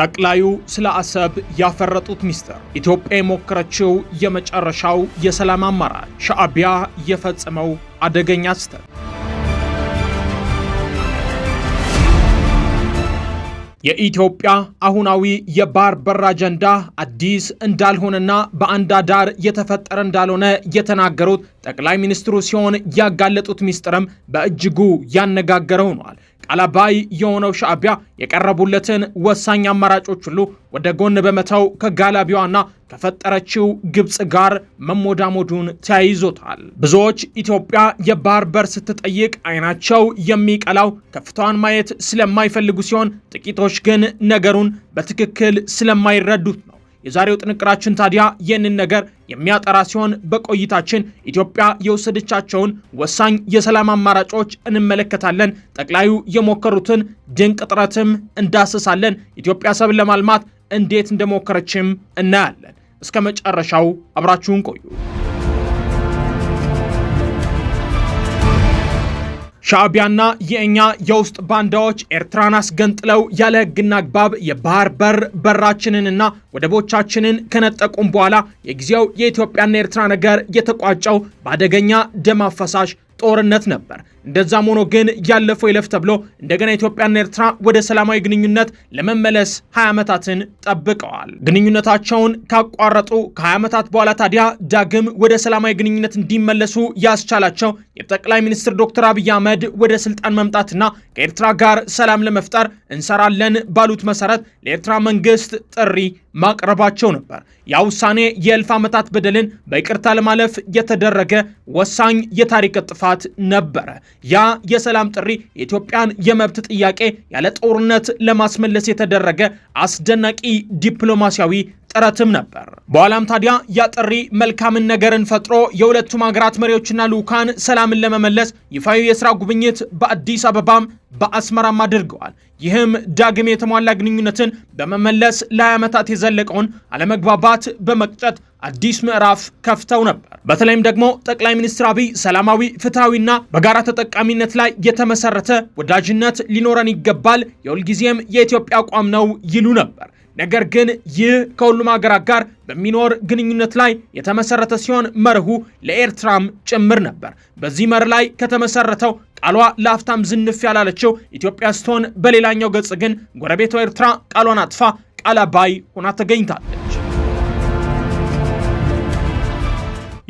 ጠቅላዩ ስለ አሰብ ያፈረጡት ሚስጥር፣ ኢትዮጵያ የሞከረችው የመጨረሻው የሰላም አማራጭ፣ ሻዕቢያ የፈጸመው አደገኛ ስህተት። የኢትዮጵያ አሁናዊ የባህር በር አጀንዳ አዲስ እንዳልሆነና በአንድ አዳር የተፈጠረ እንዳልሆነ የተናገሩት ጠቅላይ ሚኒስትሩ ሲሆን ያጋለጡት ሚስጥርም በእጅጉ ያነጋገረ ሆኗል። አላባይ የሆነው ሻዕቢያ የቀረቡለትን ወሳኝ አማራጮች ሁሉ ወደ ጎን በመተው ከጋላቢዋና ከፈጠረችው ግብፅ ጋር መሞዳሞዱን ተያይዞታል። ብዙዎች ኢትዮጵያ የባህር በር ስትጠይቅ አይናቸው የሚቀላው ከፍታዋን ማየት ስለማይፈልጉ ሲሆን፣ ጥቂቶች ግን ነገሩን በትክክል ስለማይረዱት የዛሬው ጥንቅራችን ታዲያ ይህንን ነገር የሚያጠራ ሲሆን በቆይታችን ኢትዮጵያ የወሰደቻቸውን ወሳኝ የሰላም አማራጮች እንመለከታለን። ጠቅላዩ የሞከሩትን ድንቅ ጥረትም እንዳስሳለን። ኢትዮጵያ ሰብን ለማልማት እንዴት እንደሞከረችም እናያለን። እስከ መጨረሻው አብራችሁን ቆዩ። ሻዕቢያና የእኛ የውስጥ ባንዳዎች ኤርትራን አስገንጥለው ያለ ሕግና አግባብ የባህር በር በራችንንና ወደቦቻችንን ከነጠቁም በኋላ የጊዜው የኢትዮጵያና ኤርትራ ነገር የተቋጨው በአደገኛ ደም አፈሳሽ ጦርነት ነበር። እንደዛም ሆኖ ግን ያለፈው ይለፍ ተብሎ እንደገና ኢትዮጵያና ኤርትራ ወደ ሰላማዊ ግንኙነት ለመመለስ 20 ዓመታትን ጠብቀዋል። ግንኙነታቸውን ካቋረጡ ከ20 ዓመታት በኋላ ታዲያ ዳግም ወደ ሰላማዊ ግንኙነት እንዲመለሱ ያስቻላቸው የጠቅላይ ሚኒስትር ዶክተር አብይ አህመድ ወደ ስልጣን መምጣትና ከኤርትራ ጋር ሰላም ለመፍጠር እንሰራለን ባሉት መሰረት ለኤርትራ መንግስት ጥሪ ማቅረባቸው ነበር። ያ ውሳኔ የእልፍ ዓመታት በደልን በይቅርታ ለማለፍ የተደረገ ወሳኝ የታሪክ እጥፋ ማጥፋት ነበረ። ያ የሰላም ጥሪ የኢትዮጵያን የመብት ጥያቄ ያለ ጦርነት ለማስመለስ የተደረገ አስደናቂ ዲፕሎማሲያዊ ጥረትም ነበር። በኋላም ታዲያ ያ ጥሪ መልካምን ነገርን ፈጥሮ የሁለቱም ሀገራት መሪዎችና ልዑካን ሰላምን ለመመለስ ይፋዊ የስራ ጉብኝት በአዲስ አበባም በአስመራም አድርገዋል። ይህም ዳግም የተሟላ ግንኙነትን በመመለስ ለ20 ዓመታት የዘለቀውን አለመግባባት በመቅጨት አዲስ ምዕራፍ ከፍተው ነበር። በተለይም ደግሞ ጠቅላይ ሚኒስትር አብይ ሰላማዊ፣ ፍትሐዊና በጋራ ተጠቃሚነት ላይ የተመሰረተ ወዳጅነት ሊኖረን ይገባል፣ የሁልጊዜም የኢትዮጵያ አቋም ነው ይሉ ነበር። ነገር ግን ይህ ከሁሉም ሀገራት ጋር በሚኖር ግንኙነት ላይ የተመሰረተ ሲሆን መርሁ ለኤርትራም ጭምር ነበር። በዚህ መርህ ላይ ከተመሰረተው ቃሏ ለአፍታም ዝንፍ ያላለችው ኢትዮጵያ ስትሆን፣ በሌላኛው ገጽ ግን ጎረቤቷ ኤርትራ ቃሏን አጥፋ ቃለ ባይ ሆና ተገኝታለች።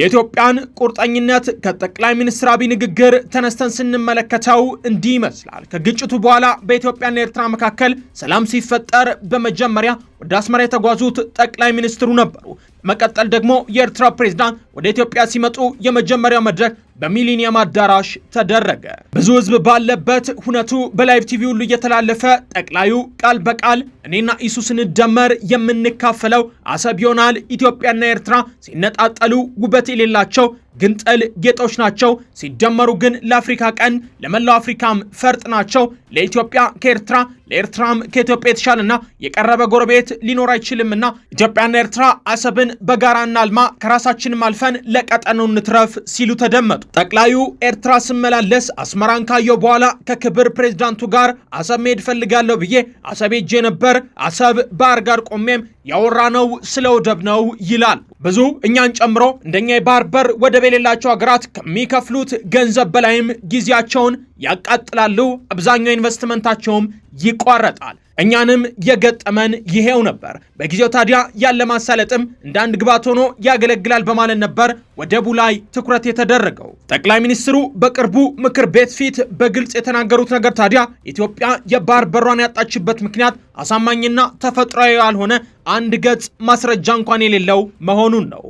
የኢትዮጵያን ቁርጠኝነት ከጠቅላይ ሚኒስትር አብይ ንግግር ተነስተን ስንመለከተው እንዲህ ይመስላል። ከግጭቱ በኋላ በኢትዮጵያና ኤርትራ መካከል ሰላም ሲፈጠር በመጀመሪያ ወደ አስመራ የተጓዙት ጠቅላይ ሚኒስትሩ ነበሩ። መቀጠል ደግሞ የኤርትራ ፕሬዝዳንት ወደ ኢትዮጵያ ሲመጡ የመጀመሪያው መድረክ በሚሊኒየም አዳራሽ ተደረገ። ብዙ ህዝብ ባለበት ሁነቱ በላይቭ ቲቪ ሁሉ እየተላለፈ ጠቅላዩ ቃል በቃል እኔና ኢሱ ስንደመር የምንካፈለው አሰብ ይሆናል። ኢትዮጵያና ኤርትራ ሲነጣጠሉ ውበት የሌላቸው ግንጠል ጌጦች ናቸው። ሲደመሩ ግን ለአፍሪካ ቀንድ ለመላው አፍሪካም ፈርጥ ናቸው። ለኢትዮጵያ ከኤርትራ ለኤርትራም ከኢትዮጵያ የተሻለና የቀረበ ጎረቤት ሊኖር አይችልምና ኢትዮጵያና ኤርትራ አሰብን በጋራ እናልማ፣ ከራሳችንም አልፈን ለቀጠናው ንትረፍ ሲሉ ተደመጡ። ጠቅላዩ ኤርትራ ስመላለስ አስመራን ካየው በኋላ ከክብር ፕሬዝዳንቱ ጋር አሰብ መሄድ ፈልጋለሁ ብዬ አሰብ ሄጄ ነበር። አሰብ ባህር ጋር ቆሜም ያወራ ነው ስለ ወደብ ነው ይላል። ብዙ እኛን ጨምሮ እንደኛ የባህር በር ወደብ የሌላቸው ሀገራት ከሚከፍሉት ገንዘብ በላይም ጊዜያቸውን ያቃጥላሉ። አብዛኛው ኢንቨስትመንታቸውም ይቋረጣል። እኛንም የገጠመን ይሄው ነበር። በጊዜው ታዲያ ያለ ማሳለጥም እንደ አንድ ግብዓት ሆኖ ያገለግላል በማለት ነበር ወደቡ ላይ ትኩረት የተደረገው። ጠቅላይ ሚኒስትሩ በቅርቡ ምክር ቤት ፊት በግልጽ የተናገሩት ነገር ታዲያ ኢትዮጵያ የባህር በሯን ያጣችበት ምክንያት አሳማኝና ተፈጥሯዊ ያልሆነ አንድ ገጽ ማስረጃ እንኳን የሌለው መሆኑን ነው።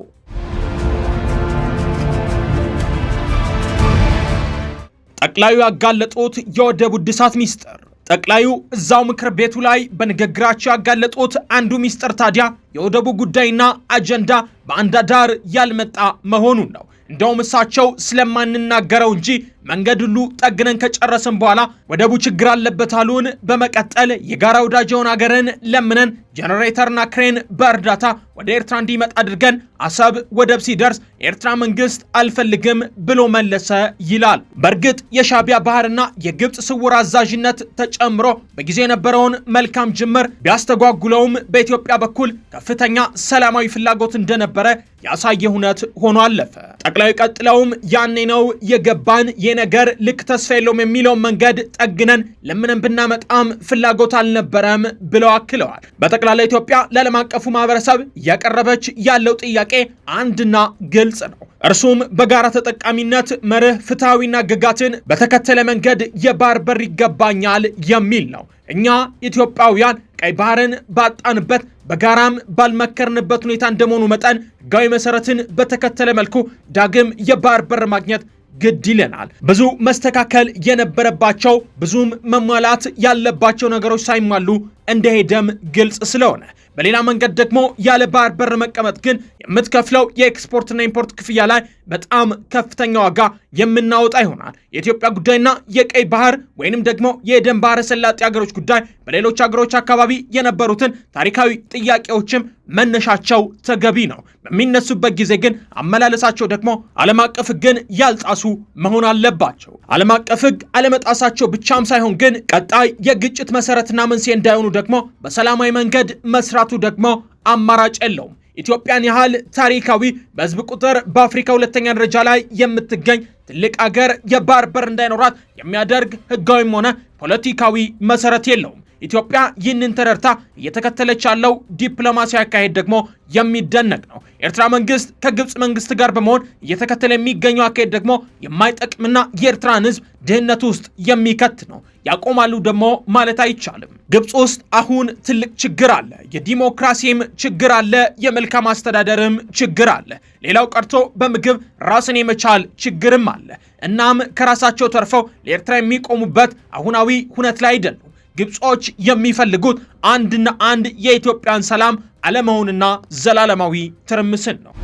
ጠቅላዩ ያጋለጡት የወደቡ እድሳት ሚስጥር ጠቅላዩ እዛው ምክር ቤቱ ላይ በንግግራቸው ያጋለጡት አንዱ ሚስጥር ታዲያ የወደቡ ጉዳይና አጀንዳ በአንድ ዳር ያልመጣ መሆኑን ነው። እንደውም እሳቸው ስለማንናገረው እንጂ መንገድ ሁሉ ጠግነን ከጨረስን በኋላ ወደቡ ችግር አለበት አሉን። በመቀጠል የጋራ ወዳጀውን አገርን ለምነን ጄኔሬተርና ክሬን በእርዳታ ወደ ኤርትራ እንዲመጣ አድርገን አሰብ ወደብ ሲደርስ የኤርትራ መንግስት አልፈልግም ብሎ መለሰ ይላል። በእርግጥ የሻቢያ ባህርና የግብፅ ስውር አዛዥነት ተጨምሮ በጊዜ የነበረውን መልካም ጅምር ቢያስተጓጉለውም በኢትዮጵያ በኩል ከፍተኛ ሰላማዊ ፍላጎት እንደነበረ ያሳየ ሁነት ሆኖ አለፈ። ጠቅላዩ ቀጥለውም ያኔ ነው የገባን ነገር ልክ ተስፋ የለውም የሚለውን መንገድ ጠግነን ለምንም ብናመጣም ፍላጎት አልነበረም ብለው አክለዋል። በጠቅላላ ኢትዮጵያ ለዓለም አቀፉ ማህበረሰብ እያቀረበች ያለው ጥያቄ አንድና ግልጽ ነው። እርሱም በጋራ ተጠቃሚነት መርህ ፍትሐዊና ግጋትን በተከተለ መንገድ የባህር በር ይገባኛል የሚል ነው። እኛ ኢትዮጵያውያን ቀይ ባህርን ባጣንበት በጋራም ባልመከርንበት ሁኔታ እንደመሆኑ መጠን ህጋዊ መሰረትን በተከተለ መልኩ ዳግም የባህር በር ማግኘት ግድ ይለናል። ብዙ መስተካከል የነበረባቸው ብዙም መሟላት ያለባቸው ነገሮች ሳይሟሉ እንደሄደም ግልጽ ስለሆነ በሌላ መንገድ ደግሞ ያለ ባህር በር መቀመጥ ግን የምትከፍለው የኤክስፖርትና ኢምፖርት ክፍያ ላይ በጣም ከፍተኛ ዋጋ የምናወጣ ይሆናል። የኢትዮጵያ ጉዳይና የቀይ ባህር ወይንም ደግሞ የደን ባህረ ሰላጤ ሀገሮች ጉዳይ በሌሎች ሀገሮች አካባቢ የነበሩትን ታሪካዊ ጥያቄዎችም መነሻቸው ተገቢ ነው። በሚነሱበት ጊዜ ግን አመላለሳቸው ደግሞ ዓለም አቀፍ ሕግን ያልጣሱ መሆን አለባቸው። ዓለም አቀፍ ሕግ አለመጣሳቸው ብቻም ሳይሆን ግን ቀጣይ የግጭት መሰረትና መንስኤ እንዳይሆኑ ደግሞ በሰላማዊ መንገድ መስራቱ ደግሞ አማራጭ የለውም። ኢትዮጵያን ያህል ታሪካዊ በህዝብ ቁጥር በአፍሪካ ሁለተኛ ደረጃ ላይ የምትገኝ ትልቅ አገር የባህር በር እንዳይኖራት የሚያደርግ ህጋዊም ሆነ ፖለቲካዊ መሰረት የለውም። ኢትዮጵያ ይህንን ተረድታ እየተከተለች ያለው ዲፕሎማሲ አካሄድ ደግሞ የሚደነቅ ነው። ኤርትራ መንግስት ከግብፅ መንግስት ጋር በመሆን እየተከተለ የሚገኘው አካሄድ ደግሞ የማይጠቅምና የኤርትራን ህዝብ ድህነት ውስጥ የሚከት ነው። ያቆማሉ ደግሞ ማለት አይቻልም። ግብፅ ውስጥ አሁን ትልቅ ችግር አለ። የዲሞክራሲም ችግር አለ፣ የመልካም አስተዳደርም ችግር አለ። ሌላው ቀርቶ በምግብ ራስን የመቻል ችግርም አለ። እናም ከራሳቸው ተርፈው ለኤርትራ የሚቆሙበት አሁናዊ ሁነት ላይ አይደሉም። ግብጾች የሚፈልጉት አንድና አንድ የኢትዮጵያን ሰላም አለመሆንና ዘላለማዊ ትርምስን ነው።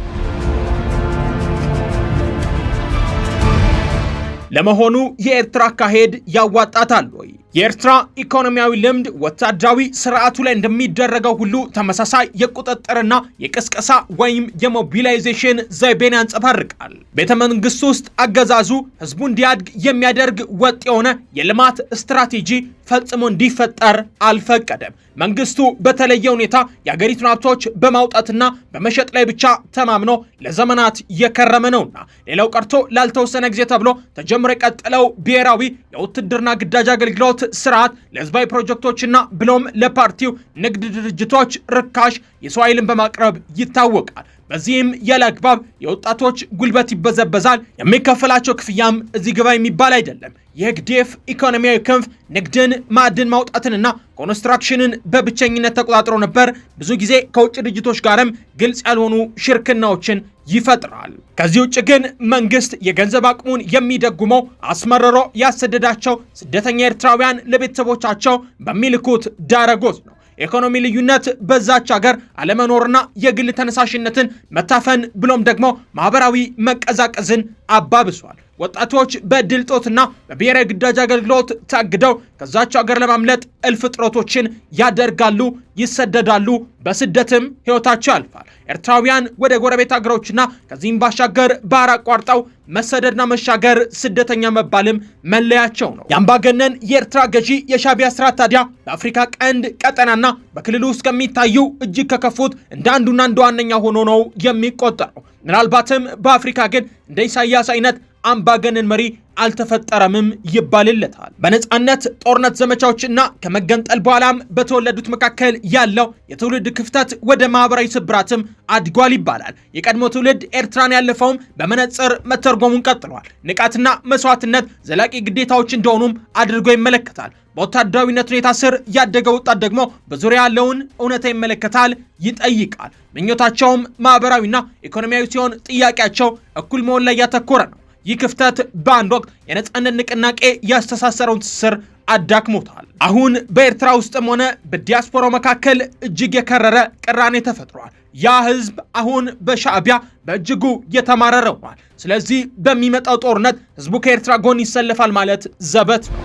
ለመሆኑ የኤርትራ አካሄድ ያዋጣታል ወይ? የኤርትራ ኢኮኖሚያዊ ልምድ ወታደራዊ ስርዓቱ ላይ እንደሚደረገው ሁሉ ተመሳሳይ የቁጥጥርና የቅስቀሳ ወይም የሞቢላይዜሽን ዘይቤን ያንጸባርቃል። ቤተ መንግስት ውስጥ አገዛዙ ህዝቡ እንዲያድግ የሚያደርግ ወጥ የሆነ የልማት ስትራቴጂ ፈጽሞ እንዲፈጠር አልፈቀደም። መንግስቱ በተለየ ሁኔታ የአገሪቱን ሀብቶች በማውጣትና በመሸጥ ላይ ብቻ ተማምኖ ለዘመናት የከረመ ነውና ሌላው ቀርቶ ላልተወሰነ ጊዜ ተብሎ ተጀምሮ የቀጠለው ብሔራዊ የውትድርና ግዳጅ አገልግሎት ስርዓት ለህዝባዊ ፕሮጀክቶችና ብሎም ለፓርቲው ንግድ ድርጅቶች ርካሽ የሰው ኃይልን በማቅረብ ይታወቃል። በዚህም ያለ አግባብ የወጣቶች ጉልበት ይበዘበዛል። የሚከፈላቸው ክፍያም እዚህ ግባ የሚባል አይደለም። የግዴፍ ኢኮኖሚያዊ ክንፍ ንግድን፣ ማዕድን ማውጣትንና ኮንስትራክሽንን በብቸኝነት ተቆጣጥሮ ነበር። ብዙ ጊዜ ከውጭ ድርጅቶች ጋርም ግልጽ ያልሆኑ ሽርክናዎችን ይፈጥራል። ከዚህ ውጭ ግን መንግስት የገንዘብ አቅሙን የሚደጉመው አስመርሮ ያሰደዳቸው ስደተኛ ኤርትራውያን ለቤተሰቦቻቸው በሚልኩት ዳረጎት ነው። የኢኮኖሚ ልዩነት በዛች ሀገር አለመኖርና የግል ተነሳሽነትን መታፈን ብሎም ደግሞ ማህበራዊ መቀዛቀዝን አባብሷል። ወጣቶች በድል ጦትና በብሔራዊ ግዳጅ አገልግሎት ታግደው ከዛቸው ሀገር ለማምለጥ እልፍ ጥረቶችን ያደርጋሉ፣ ይሰደዳሉ፣ በስደትም ህይወታቸው ያልፋል። ኤርትራውያን ወደ ጎረቤት ሀገሮችና ከዚህም ባሻገር ባህር አቋርጠው መሰደድና መሻገር ስደተኛ መባልም መለያቸው ነው። የአምባገነን የኤርትራ ገዢ የሻቢያ ስራ ታዲያ በአፍሪካ ቀንድ ቀጠናና በክልሉ ውስጥ ከሚታዩ እጅግ ከከፉት እንደ አንዱና እንደ ዋነኛ ሆኖ ነው የሚቆጠረው። ምናልባትም በአፍሪካ ግን እንደ ኢሳያስ አይነት አምባገነን መሪ አልተፈጠረምም ይባልለታል። በነጻነት ጦርነት ዘመቻዎችና ከመገንጠል በኋላም በተወለዱት መካከል ያለው የትውልድ ክፍተት ወደ ማህበራዊ ስብራትም አድጓል ይባላል። የቀድሞ ትውልድ ኤርትራን ያለፈውም በመነጽር መተርጎሙን ቀጥሏል። ንቃትና መስዋዕትነት ዘላቂ ግዴታዎች እንደሆኑም አድርጎ ይመለከታል። በወታደራዊነት ሁኔታ ስር ያደገ ወጣት ደግሞ በዙሪያ ያለውን እውነታ ይመለከታል፣ ይጠይቃል። ምኞታቸውም ማህበራዊና ኢኮኖሚያዊ ሲሆን ጥያቄያቸው እኩል መሆን ላይ ያተኮረ ነው። ይህ ክፍተት በአንድ ወቅት የነፃነት ንቅናቄ ያስተሳሰረውን ትስስር አዳክሞታል። አሁን በኤርትራ ውስጥም ሆነ በዲያስፖራው መካከል እጅግ የከረረ ቅራኔ ተፈጥሯል። ያ ህዝብ አሁን በሻዕቢያ በእጅጉ የተማረረ ሆኗል። ስለዚህ በሚመጣው ጦርነት ህዝቡ ከኤርትራ ጎን ይሰለፋል ማለት ዘበት ነው።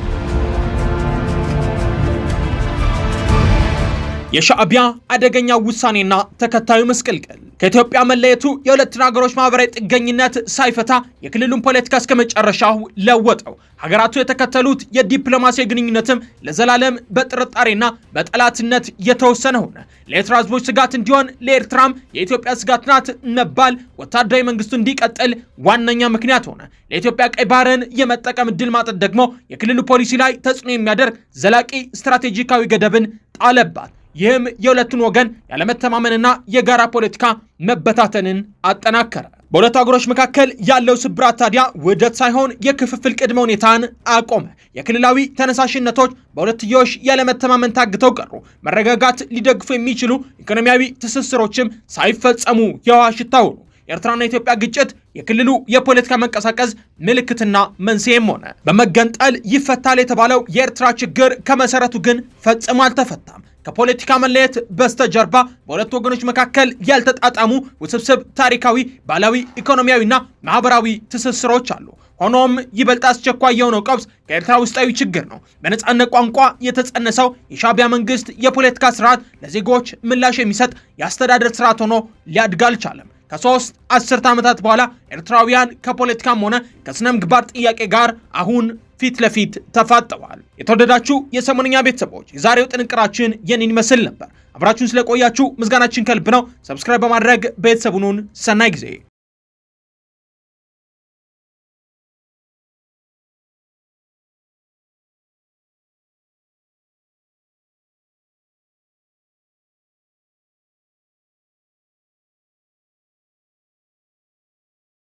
የሻዕቢያ አደገኛ ውሳኔና ተከታዩ መስቀልቀል ከኢትዮጵያ መለየቱ የሁለቱን ሀገሮች ማህበራዊ ጥገኝነት ሳይፈታ የክልሉን ፖለቲካ እስከ መጨረሻው ለወጠው። ሀገራቱ የተከተሉት የዲፕሎማሲ ግንኙነትም ለዘላለም በጥርጣሬና በጠላትነት የተወሰነ ሆነ። ለኤርትራ ህዝቦች ስጋት እንዲሆን ለኤርትራም የኢትዮጵያ ስጋት ናት መባል ወታደራዊ መንግስቱ እንዲቀጥል ዋነኛ ምክንያት ሆነ። ለኢትዮጵያ ቀይ ባህርን የመጠቀም እድል ማጠት ደግሞ የክልሉ ፖሊሲ ላይ ተጽዕኖ የሚያደርግ ዘላቂ ስትራቴጂካዊ ገደብን ጣለባት። ይህም የሁለቱን ወገን ያለመተማመንና የጋራ ፖለቲካ መበታተንን አጠናከረ። በሁለቱ አገሮች መካከል ያለው ስብራት ታዲያ ውህደት ሳይሆን የክፍፍል ቅድመ ሁኔታን አቆመ። የክልላዊ ተነሳሽነቶች በሁለትዮሽ ያለመተማመን ታግተው ቀሩ። መረጋጋት ሊደግፉ የሚችሉ ኢኮኖሚያዊ ትስስሮችም ሳይፈጸሙ የውሃ ሽታ ሆኑ። የኤርትራና ኢትዮጵያ ግጭት የክልሉ የፖለቲካ መንቀሳቀስ ምልክትና መንስኤም ሆነ። በመገንጠል ይፈታል የተባለው የኤርትራ ችግር ከመሰረቱ ግን ፈጽሞ አልተፈታም። ከፖለቲካ መለየት በስተጀርባ በሁለት ወገኖች መካከል ያልተጣጣሙ ውስብስብ ታሪካዊ፣ ባህላዊ፣ ኢኮኖሚያዊና ማህበራዊ ትስስሮች አሉ። ሆኖም ይበልጥ አስቸኳይ የሆነው ቀውስ ከኤርትራ ውስጣዊ ችግር ነው። በነጻነት ቋንቋ የተጸነሰው የሻቢያ መንግስት የፖለቲካ ስርዓት ለዜጎች ምላሽ የሚሰጥ የአስተዳደር ስርዓት ሆኖ ሊያድግ አልቻለም። ከሶስት አስርት ዓመታት በኋላ ኤርትራውያን ከፖለቲካም ሆነ ከስነ ምግባር ጥያቄ ጋር አሁን ፊት ለፊት ተፋጠዋል። የተወደዳችሁ የሰሞንኛ ቤተሰቦች የዛሬው ጥንቅራችን የኔን ይመስል ነበር። አብራችሁን ስለቆያችሁ ምስጋናችን ከልብ ነው። ሰብስክራይብ በማድረግ ቤተሰቡኑን ሰናይ ጊዜ